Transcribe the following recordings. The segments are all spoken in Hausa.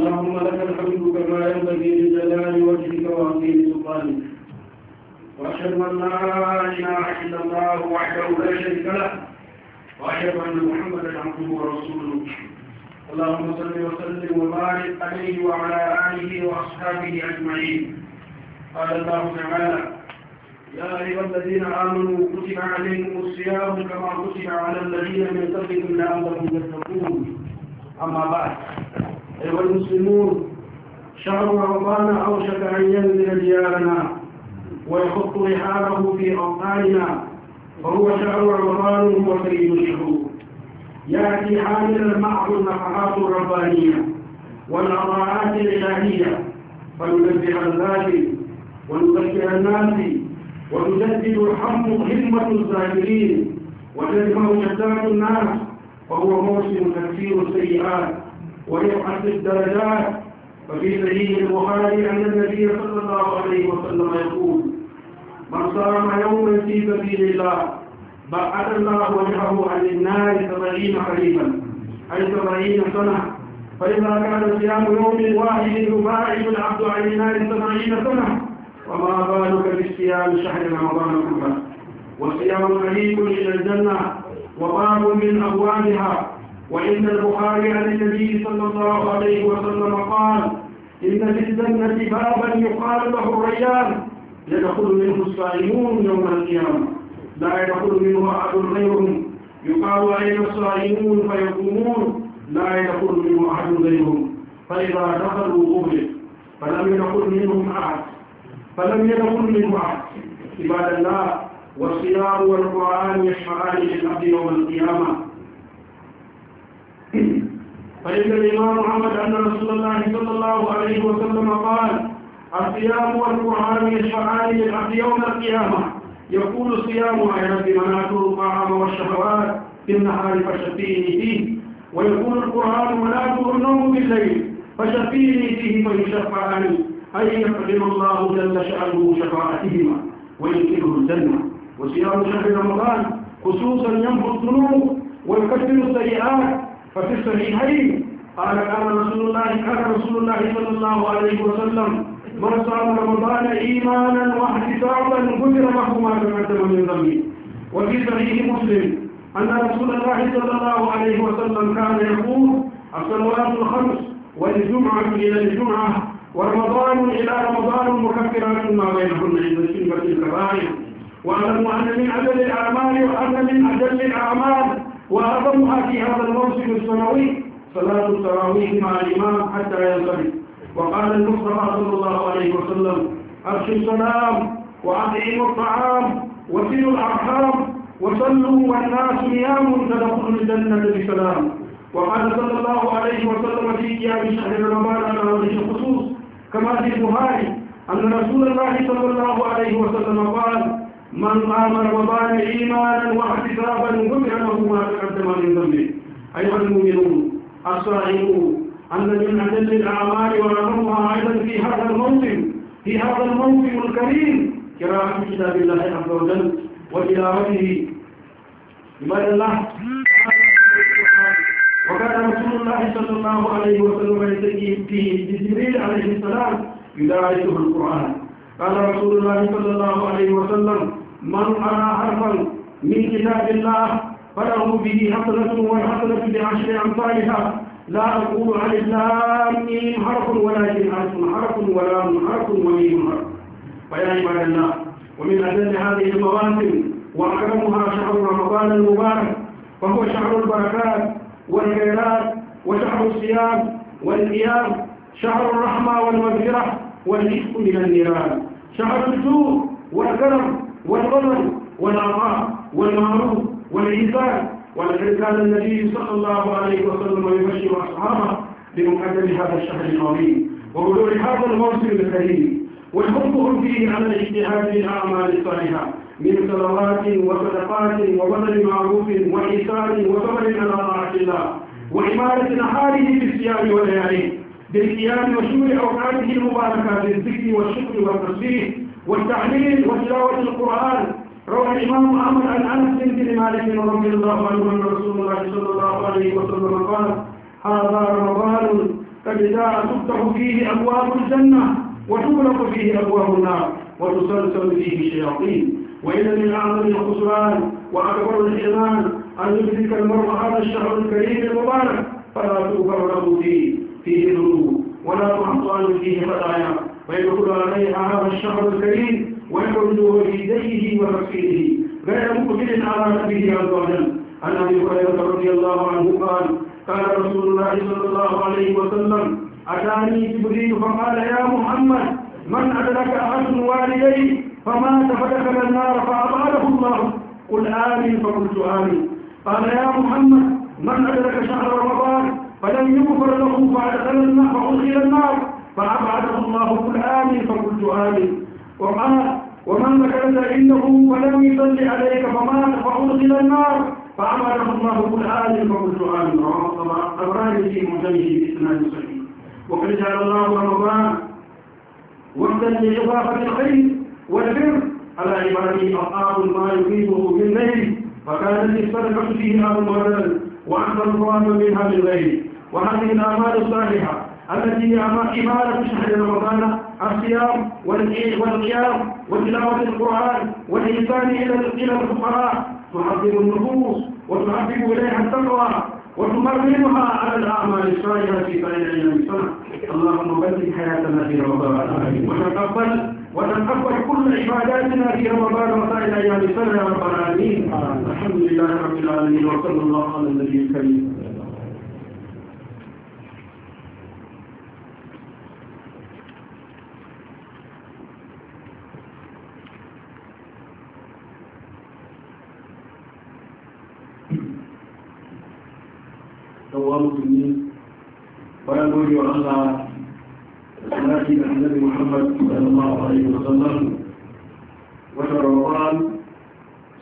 اللهم لك الحمد كما ينبغي لجلال وجهك وعظيم سلطانك واشهد ان لا اله الا الله وحده لا شريك له واشهد ان محمدا عبده ورسوله اللهم صل وسلم وبارك عليه وعلى اله واصحابه اجمعين قال الله تعالى يا ايها الذين امنوا كتب عليكم الصيام كما كتب على الذين من قبلكم لعلكم تتقون اما بعد أيها المسلمون شهر رمضان أوشك أن ينزل ديارنا ويحط رحاله في أوطاننا وهو شهر رمضان وفريد الشهور يأتي حاملا معه النفحات الربانية والعطاءات الإلهية فننبه الناس ونذكر الناس وتجدد الحمد همة الزاهرين وتدفع شتات الناس وهو موسم تكفير السيئات ويبعث الدرجات ففي سبيل البخاري أن النبي صلى الله عليه وسلم يقول من صام يوما في سبيل الله بعث الله وجهه عن النار سبعين قريبا أي سبعين سنة فإذا كان صيام يوم واحد يباعد العبد عن النار سبعين سنة وما بالك بصيام شهر رمضان كله والصيام قريب إلى الجنة وباب من أبوابها وإن البخاري عن النبي صلى الله عليه وسلم قال إن في الجنة بابا يقال له الريان يدخل منه الصائمون يوم القيامة لا يدخل منه أحد غيرهم يقال أين الصائمون فيقومون لا يدخل منه أحد غيرهم فإذا دخلوا أغلق فلم يدخل منهم أحد فلم يدخل منهم أحد عباد الله والصيام والقرآن يشفعان للعبد يوم القيامة فإن الإمام محمد أن رسول الله صلى الله عليه وسلم قال الصيام والقرآن يشفعان للعبد يوم القيامة يقول صيامها يا رب من الطعام والشهوات في النهار فشفيني فيه ويقول القرآن منعته النوم بالليل فشفيني فيه فيشفعان أي يقدم الله جل شأنه شفاعتهما وينكره الجنة وصيام شهر رمضان خصوصا يمحو الذنوب ويكفر السيئات ففي الصحيحين قال كان رسول الله كان رسول الله صلى الله عليه وسلم من صام رمضان ايمانا واحتسابا غفر له ما تقدم من ذنبه وفي صحيح مسلم ان رسول الله صلى الله عليه وسلم كان يقول الصلوات الخمس والجمعه الى الجمعه ورمضان إلى رمضان مكفرات ما بينهن عند السنة الكبائر واعلموا أن من أجل الأعمال وأن من أجل الأعمال وأعظمها في هذا الموسم السنوي صلاة التراويح مع الإمام حتى ينصرف وقال المصطفى صلى الله عليه وسلم أرشوا السلام وأطعموا الطعام وسلوا الأرحام وصلوا والناس نيام تدخل الجنة بسلام وقال صلى الله عليه وسلم في قيام شهر رمضان على وجه الخصوص كما في البخاري أن رسول الله صلى الله عليه وسلم قال من قام رمضان إيمانا واحتسابا غفر له ما تقدم من ذنبه أيها المؤمنون الصائمون أن من أجل الأعمال ورغمها أيضا في هذا الموسم في هذا الموسم الكريم قراءة كتاب الله عز وجل وتلاوته عباد الله وكان رسول الله صلى الله عليه وسلم يتقي فيه جبريل عليه السلام يدارسه القرآن قال رسول الله صلى الله عليه وسلم من قرأ حرفا من كتاب الله فله به حصلة والحصلة بعشر أمثالها لا أقول على الإسلام ميم حرف ولكن ألف حرف ولا من حرف وميم حرف فيا عباد الله ومن أجل هذه المواسم وأحرمها شهر رمضان المبارك فهو شهر البركات والخيرات وشهر الصيام والقيام شهر الرحمة والمغفرة والرزق من النيران شهر السوء والكرم والعمل والعطاء والمعروف والعباد ولقد كان النبي صلى الله عليه وسلم يبشر أصحابه بمقدم هذا الشهر العظيم وبلوغ هذا الموسم الكريم وحبهم فيه على الاجتهاد في الأعمال الصالحة من صلوات وصدقات وبذل معروف وإيثار وصبر على طاعة الله وعمارة نهاره بالصيام والليالي بالقيام وشمل أوقاته المباركة بالذكر والشكر والتسبيح والتحليل وتلاوة القرآن روى الإمام محمد عن أنس بن مالك رضي الله عنه أن رسول الله صلى الله عليه وسلم قال هذا رمضان قد جاء تفتح فيه أبواب الجنة وتغلق فيه أبواب النار وتسلسل فيه الشياطين وإن من أعظم الخسران وأكبر الحرمان أن يدرك المرء هذا الشهر الكريم المبارك فلا تغفر له فيه فيه ذنوب ولا تعطان فيه خطايا ويدخل عليها هذا الشهر الكريم في بيديه ومكفيه غير مقبل على نبيه عز وجل عن ابي هريره رضي الله عنه قال قال رسول الله صلى الله عليه وسلم اتاني جبريل فقال يا محمد من ادرك احد والديه فمات فدخل النار فاطاله الله قل امن فقلت امن قال يا محمد من ادرك شهر رمضان فلم يغفر له فأدخل النار فأدخل النار فأبعده الله كل آل فقلت امن وقال ومن ذكرت عنده ولم يصل عليك فمات فأدخل النار فأبعده الله كل امن فقلت آمين رواه في معجمه بإسناد صحيح وقد جعل الله رمضان وقتا لإضافة الخير والبر على عباده أصحاب ما يصيبه في الليل فكانت الصدقة فيه أبو بدل وأحسن الظن منها من وهذه الأعمال الصالحة التي هي عبادة شهر رمضان الصيام والقيام وتلاوة القرآن والإحسان إلى الفقراء تعظم النفوس وتحبب إليها التقوى وتمرنها على الأعمال الصالحة في بين أيام السنة اللهم بدل حياتنا في رمضان وتقبل وتقبل كل عباداتنا في رمضان وسائر أيام السنة يا رب العالمين الحمد لله رب العالمين وصلى الله على النبي الكريم uwa musulmi bayan gode wa Allah da sanarki da annabi Muhammad sallallahu alaihi wa sallam wata Ramadan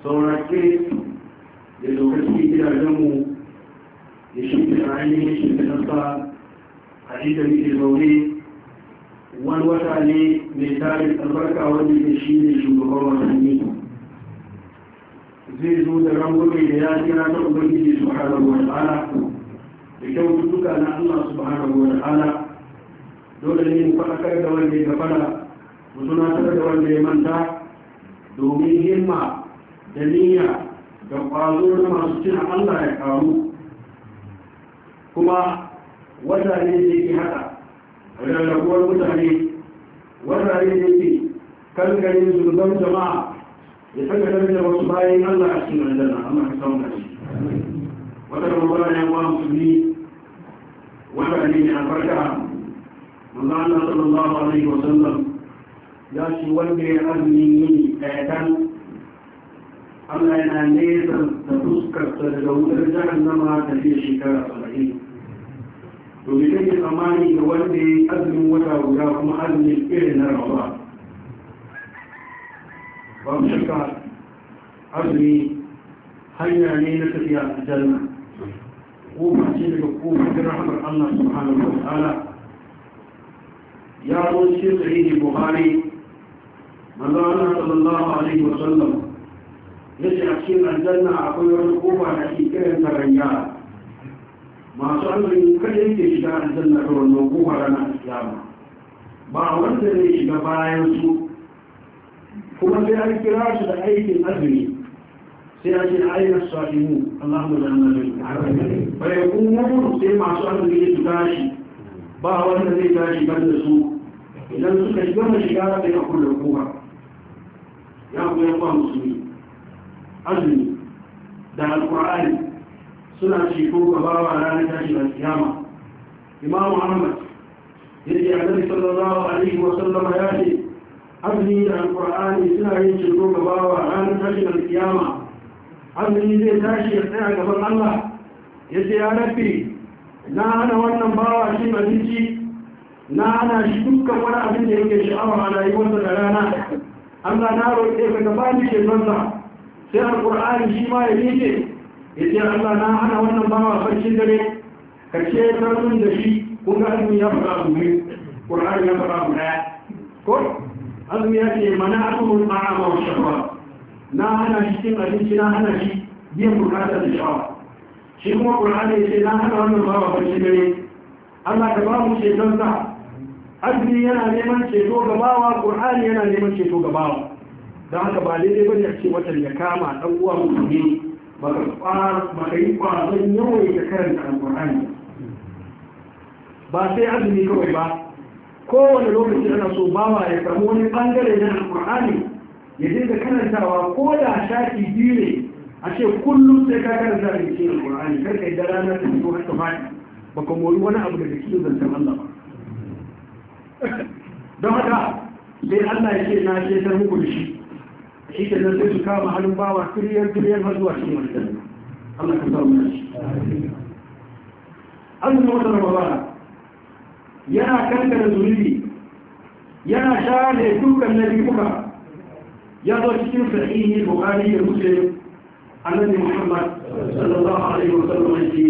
saurake da lokaci gidajenmu da shi da ainihin shi da nasa a inda muke zaune wani wata ne mai tarin albarka wanda ke shi ne shugaban wasanni zai zo da rangume da ya kira ta ubangiji su hana wa ta'ala kyautuka na Allah subhanahu wa ta'ala dole ne mu faɗakar da wanda ya fara mu tunatar da wanda ya manta domin himma da niyya da ƙwazo na masu cin Allah ya karu kuma wanda ne da yake haɗa rarrabuwar mutane wanda ne ke yake kankanin zurban jama'a ya saka da wasu bayan Allah a cikin aljanna Allah ka samu da shi wata rubara ya wa musulmi وتعني حفركها وقال الله صلى الله عليه وسلم يا شي ولي أرني أعدان Allah yana nesa da fuskarsa daga wutar jahannama ta fiye shekara saba'in. Domin take tsammani ga wanda ya yi azumin wata guda kuma azumin irin na rawa. Ba mu shakka azumi hanya ne na tafiya a janna. goma ce daga ta rahamar Allah subhanahu wa ta'ala ya zo cikin sahihi buhari manzo Allah sallallahu alaihi wa sallam ce a cikin aljanna akwai wani kofa da ake kiran ta rayya masu azumin kada yake shiga aljanna da wannan kofa ranar kiyama ba wanda zai shiga bayan su kuma sai an kira shi da aikin azumi سيأتي أين الصائمون اللهم جعلنا فيقومون سيما صاحب لي تباشي با وانا زي تاشي بند سوء إذا سوء كشبه شكارة بين أقول الحكومة يا أبو يا أبو مسلمين أزمي دع القرآن سنة شيكوك بابا على نتاشي القيامة إمام محمد يجي النبي صلى الله عليه وسلم ياتي أبني القرآن سنة شيكوك بابا على نتاشي القيامة azumi zai tashi ya tsaya gaban Allah ya ce ya rafi na hana wannan bawa shi abinci na hana shi dukkan wani abin da yake sha'awa a rayuwarsa da rana Allah na roƙe ka gaba ni ke zanza sai alƙur'ani shi ma ya miƙe ya ce Allah na hana wannan bawa farcin dare ka ce tarmin da shi kun ga azumi ya faɗa abu biyu ƙur'ani ya faɗa abu ko azumi ya ce mana azumin ma'ama wa shahwa na hana shi cin abinci na hana shi biyan bukata da sha'awa shi kuma ƙur'ani ya ce na hana wannan bawa barci gare Allah ka ba mu ceton sa azumi yana neman ceto ga bawa ƙur'ani yana neman ceto ga bawa don haka ba daidai bane a ce watan ya kama dan uwa musulmi ba ka yi ba ka yi kwazon yawaita karanta alƙur'ani ba sai azumi kawai ba kowane lokaci ana so bawa ya samu wani bangare na alƙur'ani ya dinga karantawa ko da shafi biyu ne a ce kullum sai ka karanta da ke alƙur'ani kar ka yi da rana ta fito haka fadi ba ka mori wani abu daga cikin zancen Allah ba don haka sai Allah ya ce na ce ta muku da shi shi ke nan sai su kama halin bawa kiriyar kiriyar har zuwa cikin wajen Allah ka sa mu shi ya wata ramadana yana kankana zuri yana share dukkan nabi kuka ya zo cikin sahihi bukari da muslim annabi muhammad sallallahu alaihi wa sallam yake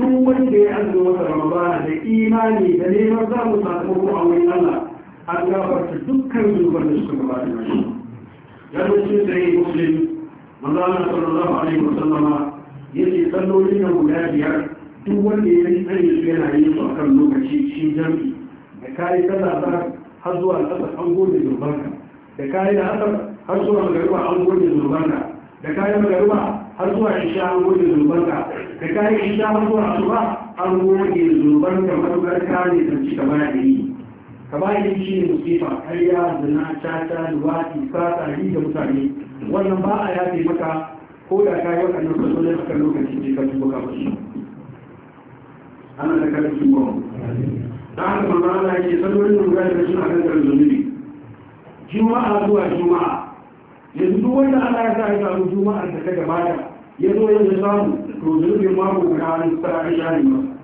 duk wanda ya azumi wata ramadana da imani da neman za mu sakamako a wurin allah an gafarta dukkan zubar da suka gabata da shi ya zo cikin sahihi muslim manzana sallallahu alaihi wa sallama ce sallolin nan guda biyar duk wanda ya yi tsaye su yana yin su a kan lokaci shi jami'i da kayi sallah har zuwa al'asar an gode zubanka da kayi da asar har zuwa magariba an goge zurbanka da kayan magariba har zuwa isha an goge zurbanka da kayan isha har zuwa asuba an goge zurbanka matukar ka ne zanci ka baya da yi ka ba da shi ne musifa karya zina caca luwaki fata yi da mutane wannan ba a yafe maka ko da ka yi waɗannan sassanin kan lokacin da ka tuba ka ana da kan tuba da haka manzo Allah yake sanarwar da suna kan zunubi juma'a zuwa juma'a yanzu duk wanda ana ya sa ya samu juma'a da ta gabata ya zo yanzu samu to zunubin mako guda an sarari shani ba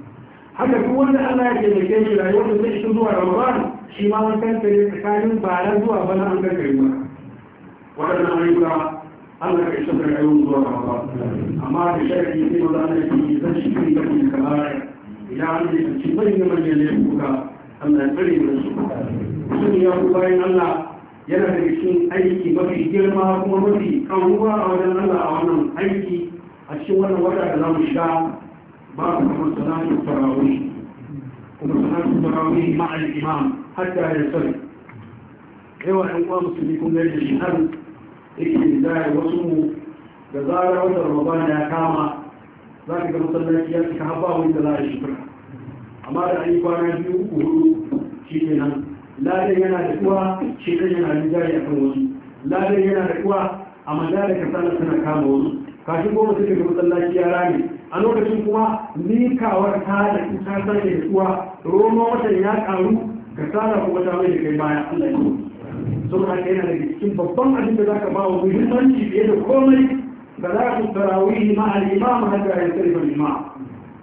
haka duk wanda ana ya ke da kai shi rayuwar da zai shi zuwa ramadan shi ma an kankare tsakanin bara zuwa bana an kankare ba waɗannan ayyuka Allah ka isa da rayuwar zuwa ramadan amma da shari'i sai wanda ana yi zan shi kan da kuma kamar idan an yi cikin manyan manyan laifuka Allah ya tsare mu da su sun ya ku bayan Allah yana da cikin aiki mafi girma kuma mafi karuwa a wajen Allah a wannan aiki a cikin wannan wata da za mu shiga babu kamar salatu tarawih kuma salatu tarawih ma'al imam hatta ya sani yawa ɗan uwa musulmi kun ga yadda shi har yake zaya wasu da zarar wata ramadan ya kama za ka ga masallaci ya cika haɓa wani da za a shi amma da an yi kwana biyu uku hudu shi ke nan lada yana da kuwa shekar yana da jari a kan wasu ladan yana da kuwa a maza da kasala suna kama wasu kafin goma suke da matsalaci ya rami. a lokacin kuma likawar ta da da kuwa roma watan ya karu kasala kuma ta mai da kai baya allah ya saboda haka yana da cikin babban abin da za ka ba wa muhimmanci fiye da komai صلاة التراويح مع الإمام حتى يختلف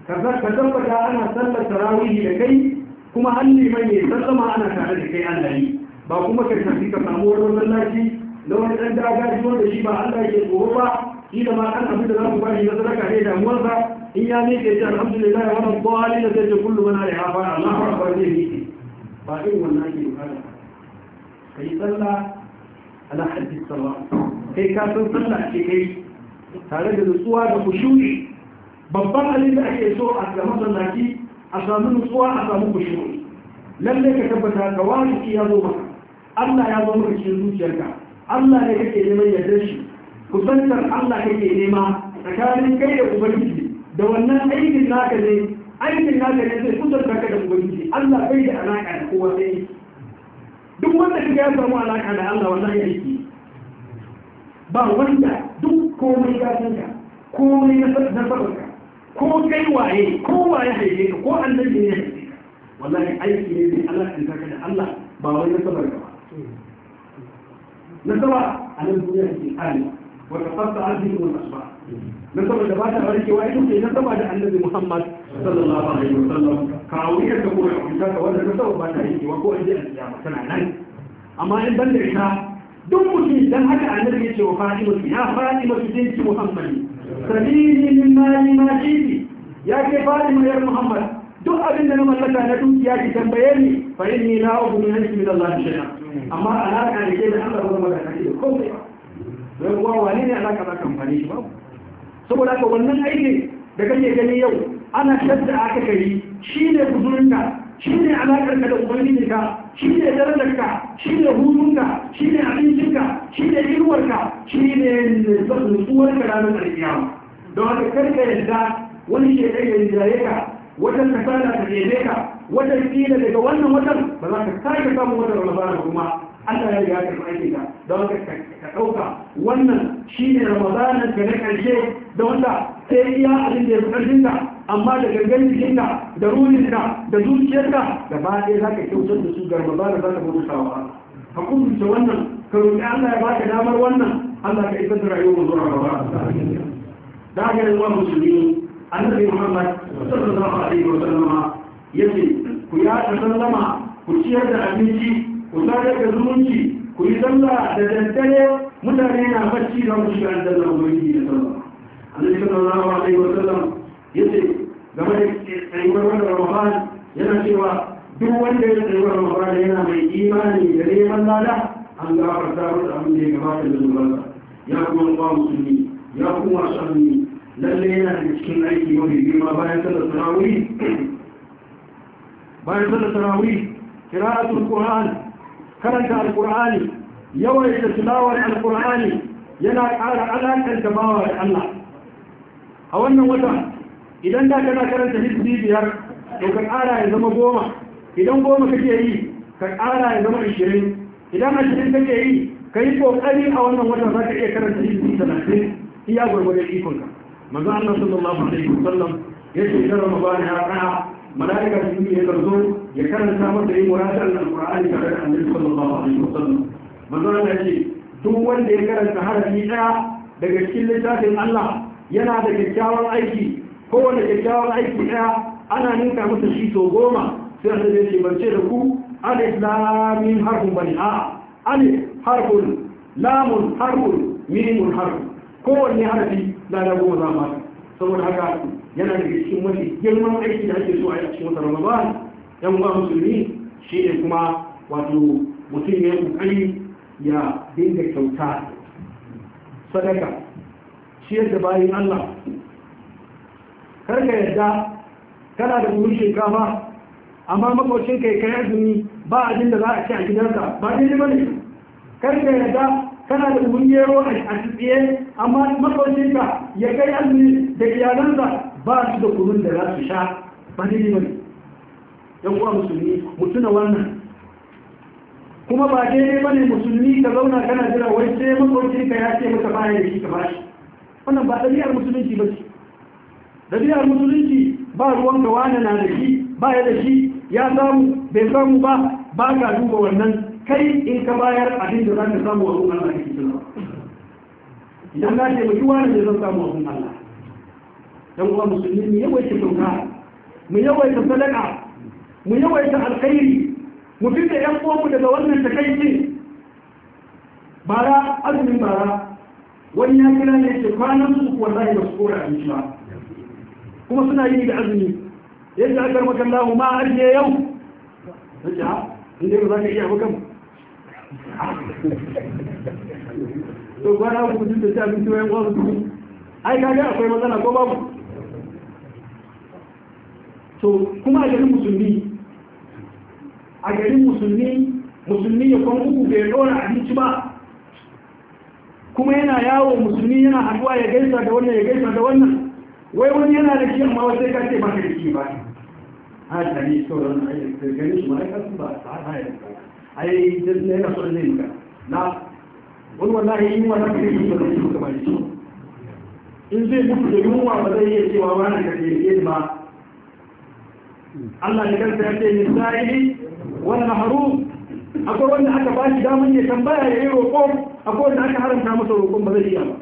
Ka tabbata ana sallar صلى da kai. kuma an neman ne zama ana tare da kai Allah yi ba kuma ka tafi ka samu wani masallaci da wani ɗan daga ji wanda shi ba Allah ke tsoro ba shi da ma an abin da za ku bani na sadaka ne damuwarsa in ya ne ke ce alhamdulillah wannan kwali da zai ce kullu na da hafa Allah ba ba zai ne ba irin wannan ke bukata kai sallah ala hadis sallah kai ka san sallah ce kai tare da nutsuwa da kushuri babban halin da ake so a ga masallaci a samu nutsuwa a samu kushuru lalle ka tabbata ga wani ya zo maka Allah ya zo maka cikin zuciyarka Allah ne kake neman yardar shi kusantar Allah kake nema tsakanin kai da ubangiji da wannan aikin naka ne aikin naka ne zai kusan ka da ubangiji Allah bai da alaka da kowa sai duk wanda kika ya samu alaka da Allah ya aiki ba wanda duk komai ya san ka komai na sabarka ko kai waye ko waye haife ka ko annabi ne haife ka wallahi aiki ne Allah alakanta saka da Allah ba wai nasabar ka ba nasaba a nan duniya ake kare wata fasta arziki wal asba nasaba da ba ta warkewa ita na nasaba da annabi Muhammad sallallahu alaihi wa wasallam kawo ita ka koyi ta ka wanda na nasaba ba ta wa ko an je alkiyama tana nan amma in ban da ita duk mutum dan haka annabi ya ce wa fatimatu ya fatimatu binti Muhammad sabili min mali ma shidi ya ke fatima yar muhammad duk abin da na mallaka na dukiya ki tambaye ni fa inni la ughni anki min allah shay'a amma ka ne ke da Allah ba magana kake da ne ba don kuwa wani ne alaka ba kamfani shi ba saboda haka wannan aiki da kake gani yau ana shadda aka kai shi ne kuzurinka shi ne da ubangijinka shi ne darajarka shi ne hutunka shi ne abincinka shi ne irwarka shi ne nutsuwarka ranar alkiyama don haka karka yadda wani shekar ya jiraye ka wajen ka sana ta jebe ka wajen kila daga wannan watan ba za ka sake samun watan ramadana kuma Allah ya riga ka ka don haka ka ɗauka wannan shi ne ramadanan ka na ƙarshe don haka sai iya abin da ya fi ƙarfin amma da gangan ka da ruhinka da zuciyarka da ba ɗaya za ka kyautar da su garba ba da za ka bauta wa ka kusurce wannan ka roƙi Allah ya baka damar wannan Allah ka isar da rayuwar zuwa gaba da ga yawa musulmi annabi Muhammad sallallahu alaihi wa sallama yace ku ya sallama ku ciyar da abinci ku sadar da zumunci ku yi sallah da daddare mutane na bacci da mu shiga aljanna ubangiji da sallah annabi sallallahu alaihi wa sallam yace yana mai imani da neman lada an gafarta masa abin da ya gabata da zubansa ya kuma ba musulmi ya kuma sami lalle yana da cikin aiki mafi girma bayan sallar tarawih bayan sallar tarawih qira'atul qur'an karanta alqur'ani da tilawar alqur'ani yana ƙara alaƙanta bawa da Allah a wannan wata idan da kana karanta hizbi biyar to ka ƙara ya zama goma idan goma kake yi ka ƙara ya zama ashirin idan ashirin ke yi ka yi ƙoƙari a wannan watan za ka iya karanta izini talatin iya gwargwadon ikonka manzo Allah sallallahu alaihi wasallam ya ce kar Ramadan ya ra'a malaika su ne ya zo ya karanta masa yin muratar alqur'ani tare da Annabi sallallahu alaihi wasallam manzo Allah ya ce duk wanda ya karanta harafi daya daga cikin littafin Allah yana da kyakkyawan aiki kowane kyakkyawan aiki daya ana ninka masa shi sau goma sai a ya ce ban da ku alif lamin harfin bane a alif harfin lamun harfin minimun harfin kowanne harfi na da goma za ma saboda haka yana da cikin mafi girman aiki da ake so a cikin wata ramadan yan ba musulmi shi ne kuma wato mutum ya kokari ya dinga kyauta sadaka shi yadda bayan allah karka yadda kana da buhun shinkafa amma makocinka kai kai azumi ba abin da za a ci a gidansa ba daidai ba ne kar ka ga kana da ubun a tsiye amma ka ya kai azumi da iyalansa ba su da kunun da za su sha ba daidai ba ne yan kuwa musulmi mutuna wannan kuma ba daidai ba ne musulmi ka zauna kana jira wai sai ka ya ce maka bayan da shi ka bashi wannan ba ɗabi'ar musulunci ba ce ɗabi'ar musulunci ba ruwan gawa na da shi ba ya da shi ya samu bai samu ba ba ka duba wannan kai in ka bayar abin da za ka samu wa Allah ne cikin idan na ce mutuwa ne zan samu wasu Allah don uwa musulmi mu yawaita kyauta mu yawaita sadaka mu yawaita alkhairi mu fita yan uwanmu daga wannan takaici bara azumin bara wani ya kira ne ce kwanan su kuwa za su kora abinci ba kuma suna yi da azumi yadda aka makalla ma ajiye yau sun ce yau za iya bakan to kwana ku kudin da ta akwai matsala ko babu to kuma a garin musulmi a garin musulmi musulmi ya kwan uku bai abinci ba kuma yana yawo musulmi yana haduwa ya gaisa da wannan ya gaisa da wannan wai wani yana da wasu ya kace ba ka da ba haka ne sauran ayyukan gani su ma'aikatan ba ta haka ya duka ne na yana son zai duka na wani wallahi yin wani kare yi ba zai duka ba in zai mutu da yunwa ba zai iya cewa ba na kake ba Allah ne kansa ya ce nisa'ili wannan haru akwai wanda aka ba shi damar ya tambaya ya yi roƙon akwai wanda aka haramta masa roƙon ba zai iya ba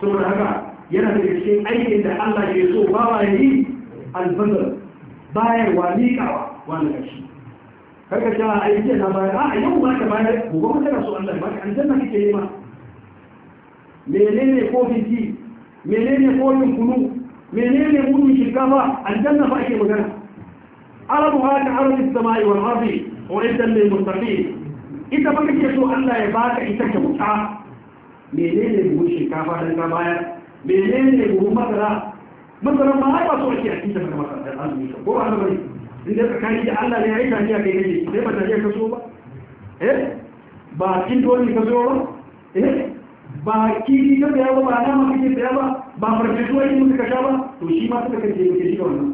saboda haka yana da cikin aikin da Allah ke so ba wa yi alfazar bayarwa miƙawa wani ƙarshe karka a yi na bayar a yau ba ka bayar gobe kuma tana so Allah ba an aljanna kake yi ma menene kofin ti menene kofin kunu menene gudun shinkafa janna ba ake magana arabu haka arabin sama'i wal ardi wa idan mai mustaqim ita ba kake so Allah ya baka ita kyauta menene buhun shinkafa dan ka bayar menene buhun masara masalan ma ai ba so ake a cikin da azumi ko ba bari? in da tsakani da Allah ne ya yi tafiya kai kake sai ba tafiya ka so ba eh ba kin dole ka so ba eh ba ka ba ba nama kake ba ba farfesuwa yi muka kasha ba to shi ma suka kace muke shi wannan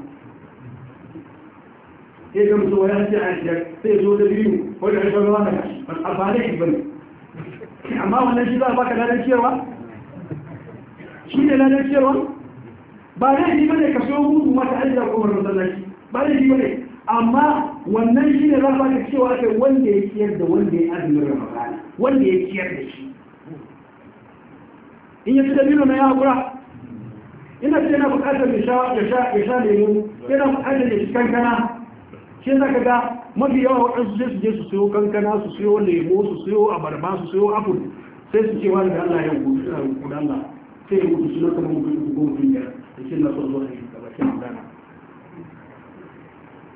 sai ga mutum ya ce a shiyar sai zo da biyu wajen rashin kashi a ba da ba ne amma wannan shi za a baka lalaciyarwa shi ne lalaciyarwa ba zai ji bane ka so gudu mata aiki ko wani masallaci ba zai ji bane amma wannan shi ne za ka ga cewa kai wanda ya ciyar da wanda ya azumin ramadan wanda ya ciyar da shi in ya ci biyu na ya hakura ina ce yana buƙatar ya sha ya sha ya sha lemu yana buƙatar ya ci kankana shi za ka ga mafi yawa waɗansu sai su je su siyo kankana su siyo lemo su siyo abarba su siyo apple sai su ce wani da Allah ya gudu Allah sai ya gudu su na kamar mutum goma biyar cikin na sun zuwa da bakin magana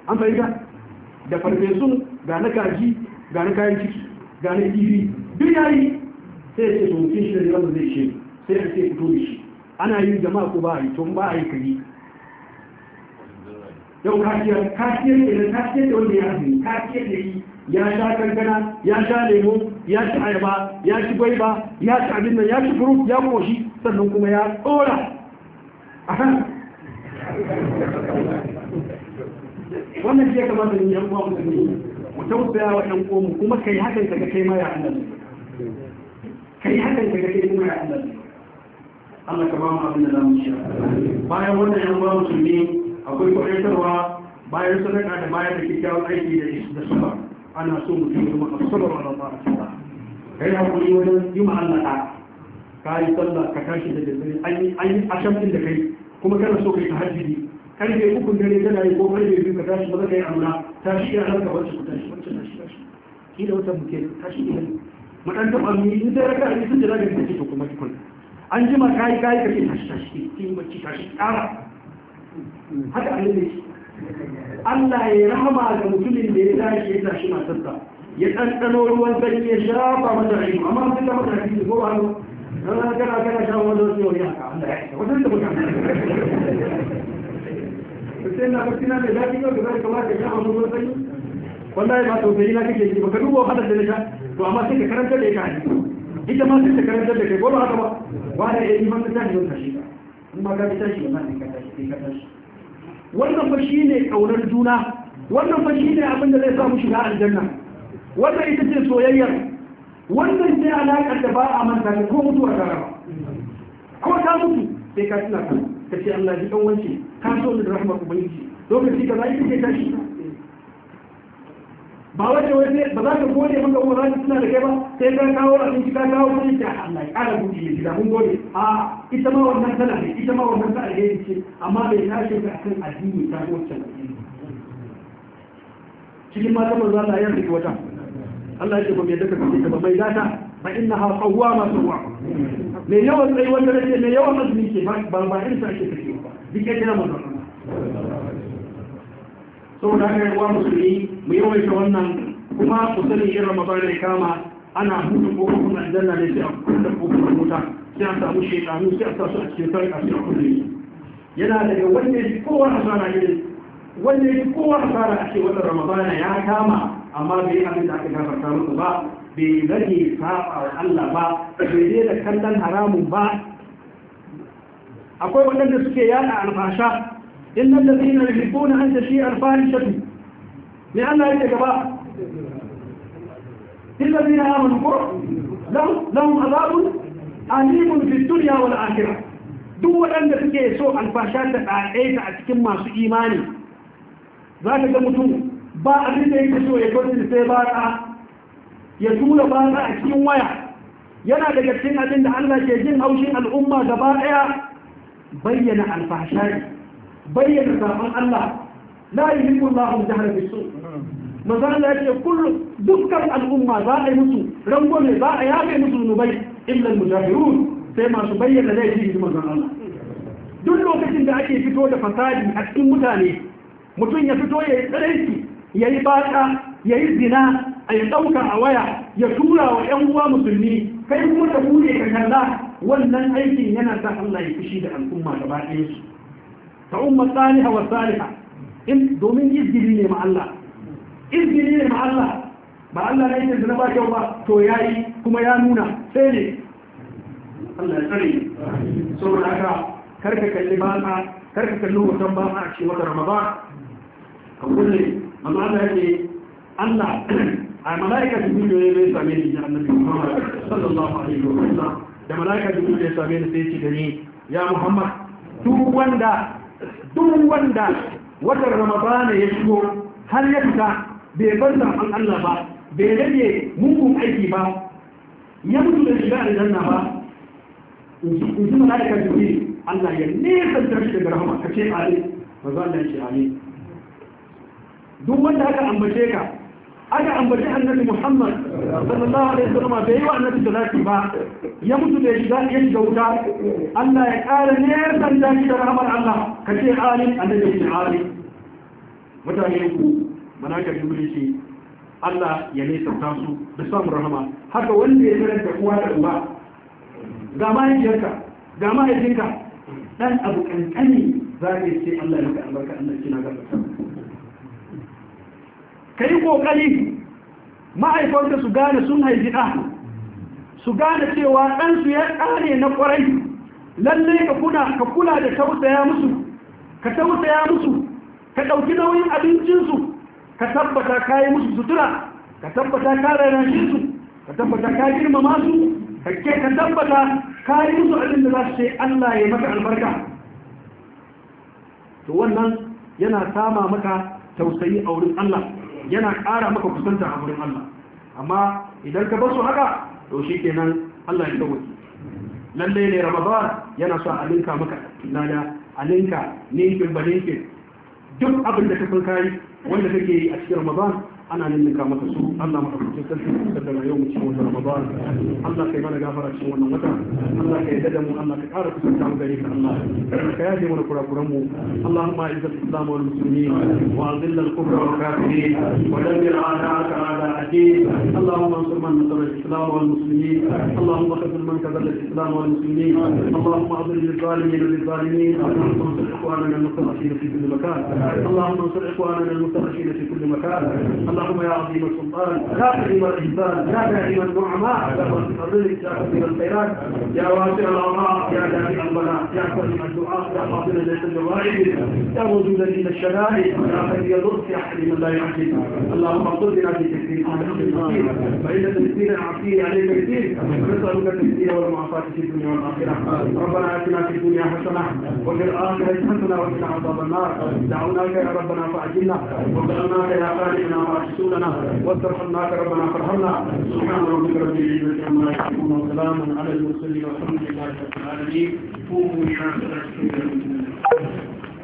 an fahimta da farfesun ga na kaji ga na kayan ciki ga na iri duk yayi sai ya ce to mutum shi da yawan zai ce sai ya ce fito da shi ana yin jama'a ko ba a yi tun ba a yi kari yau kafiyar kafiyar ke da kafiyar da wanda ya hannu kafiyar da yi ya sha kankana ya sha lemo ya ci ayaba ya ci gwaiba ya ci abin nan ya ci furu, ya koshi sannan kuma ya tsora wannan shi ya kamata ne yan uwa ne mu tausaya wa yan uwa kuma kai hakan ka kai ma ya annabi kai hakan ka kai kuma ya annabi Allah ka ba mu abin da za mu ci bayan wannan yan uwa musulmi akwai kwaitarwa bayan sadaka da bayan da yawan aiki da da sabar ana so mu ya zama asabar wa ta'ala kai hakuri wajen yi ma Allah ka yi sallah ka tashi da jirgin an yi ashamtin da kai kuma kana so kai tahajjudi karfe uku dare tana yi ko karfe biyu ka tashi ba za ka yi amna tashi ya halka wacce ku tashi wacce tashi tashi ki da wata muke tashi ne mu dan taba mu in sai raka ni sun jira da kike to kuma kikun an jima kai kai kake tashi tashi ki mu ci tashi kara haka annabi Allah ya rahama ga mutumin da ya tashi ya tashi matarsa ya ɗanɗano ruwan sanyi ya shafa mata rayu amma sun ga mata rayu ko ba don haka kana kana shan wani wasu yau ya ka Allah ya da mutane na farki na mai daɗi yau da ya na kake ji baka duba da ya kai wannan fa shi ne juna wannan fa shi ne abin da zai samu shiga aljanna wannan ita ce soyayyar wannan sai alaƙar da ba a manta ta ko mutuwa ta rama ko ta mutu sai ka tuna ka ka ce Allah ji ɗan wance ka so da rahmar ubangiji lokaci ka za ki ce tashi ba wace wace ba za ka gode maka kuma za ka tuna da kai ba sai ka kawo a cikin ka kawo kuɗi ta Allah ya ƙara buɗe mai gida mun gode a ita ma wannan tana ne ita ma wannan ta ne ce amma bai tashi ka akan addini ta wancan cikin mata manzo Allah ya rubuta wata Allah ya ce ba mai daga kace ba mai gata fa innaha qawwama tuwa me yawan sai wanda nake me yawan azumi ke ba ba irin sa ake kace ba dike kira manzo saboda haka wa musulmi mu yawaita wannan kuma ku sani in ramadan ya kama ana hudu ko kuma aljanna ne sai a kulle kofar wuta sai a samu shekaru sai a sa su a cikin sarƙa sai a kulle yana da wanda ya fi kowa asara ne wanda ya fi kowa asara a ce wannan ramadan ya kama amma bai yi abin da aka gafarta musu ba bai rage saba wa Allah ba bai je da kallon haramun ba akwai waɗanda suke yada alfasha da inna allazina yuhibbuna an tashi alfahishatu ne Allah yake gaba zina amanu qur lahum azabun alimun fid ya wani akhirah duk waɗanda suke so alfasha ta ɗaɗe ta a cikin masu imani za ka ga mutum ba abin da yake so ya kwanci sai ba ya tura ba a cikin waya yana daga cikin abin da Allah ke jin haushin al'umma gaba ɗaya bayyana alfashari, bayyana zaben Allah la yuhibbu Allahu jahra bisu maza Allah ya ce kullu dukkan al'umma za a yi musu rangwame za a yafe musu zunubai illa mujahirun sai masu bayyana laifi da manzon Allah duk lokacin da ake fito da fasadi a cikin mutane mutum ya fito ya yi tsaraici ya yi baka ya yi zina a ya ɗauka a waya ya tura wa 'yan uwa musulmi kai kuma da bude ka kalla wannan aikin yana sa Allah ya fushi da al'umma gaba ɗaya su ta umma saliha wa saliha in domin izgili ne ma Allah izgili ne ma Allah ba Allah na yake zina ba kyau ba to ya yi, kuma ya nuna sai ne Allah ya tsare saboda haka karka kalli ba karka kalli hoton ba a ce wata Ramadan ka kulle amma da yake Allah a malaika jibril ne bai same ni ya annabi Muhammad sallallahu alaihi wa sallam da malaika jibril ya same ni sai ce da ni ya Muhammad duk wanda duk wanda watan Ramadan ya shigo har ya fita bai bar sabon Allah ba bai rage mugun aiki ba ya mutu da shiga aljanna ba in ji malaika jibril Allah ya nesa tashi daga rahama kace amin ba Allah ya ce amin duk wanda aka ambace ka aka ambace annabi Muhammad sallallahu alaihi wasallam bai yi wa annabi salati ba ya mutu da shi zai yin dauka Allah ya kara ne san da shi da rahmar Allah ka ce alim annabi shi alim mutane ku mana ka jubile ce, Allah ya ne sauta su da samu rahama haka wanda ya karanta uwa da uba ga mahaifiyarka ga mahaifinka dan abu kankani za ka sai Allah ya maka albarka Allah ya ci na gaba ka yi ƙoƙari ma'aikonta su gane sun haifi ɗa su gane cewa ɗansu ya ƙare na ƙwarai lallai ka kula da tausaya musu ka tausaya musu ka ɗauki nauyin abincinsu ka tabbata ka yi musu sutura ka tabbata ka rana su ka tabbata ka girmama su ka tabbata ka yi musu abin da za su ce Allah ya maka albarka to wannan yana sama maka tausayi a wurin Allah yana ƙara maka kusanta a wurin Allah amma idan ka basu haka to shi kenan Allah ya dawo lallai ne Ramadan yana sa a maka lada a linka ninkin ba ninkin duk abin da ka san kai wanda kake yi a cikin Ramadan ana ninninka masa su Allah madaukakin sarki da rayuwar mu cikin wannan Ramadan Allah kai mana gafara cikin wannan wata Allah kai yadda mu Allah ka ƙara kusanta mu gare ka Allah ka yaje mana kurakuran mu Allahumma izza al-islam wal muslimin wa azil al-kufra wal kafirin wa dammir a'da'aka a'da'adin Allahumma ansur man nasara al-islam wal muslimin Allahumma khazil man khazal al-islam wal muslimin Allahumma adil lil-zalimin lil-zalimin Allahumma ansur ikhwanana al-mustad'afin fi kulli makan Allahumma ansur ikhwanana al-mustad'afin fi kulli makan اللهم يا عظيم السلطان لا تعلم الإنسان لا تعلم النعماء بفضلك يا كثير الخيرات يا واسع العطاء يا دافع البلاء يا كريم الدعاء يا قاتل ليس الجوائز يا موجودا من الشدائد يا خير الرزق يا حليم لا يعجز اللهم قدنا في تكفير فإن تكفير العافية عليك كثير نسألك التكفير والمعافاة في الدنيا والآخرة ربنا آتنا في الدنيا حسنة وفي الآخرة حسنة وقنا عذاب النار دعوناك يا ربنا فأجلنا وقنا يا خالقنا وأجلنا مقتولنا واسترح الناك ربنا فرحمنا سبحان ربك رب العزة عما يصفون وسلام على المرسلين والحمد لله رب العالمين قوموا بما تدعون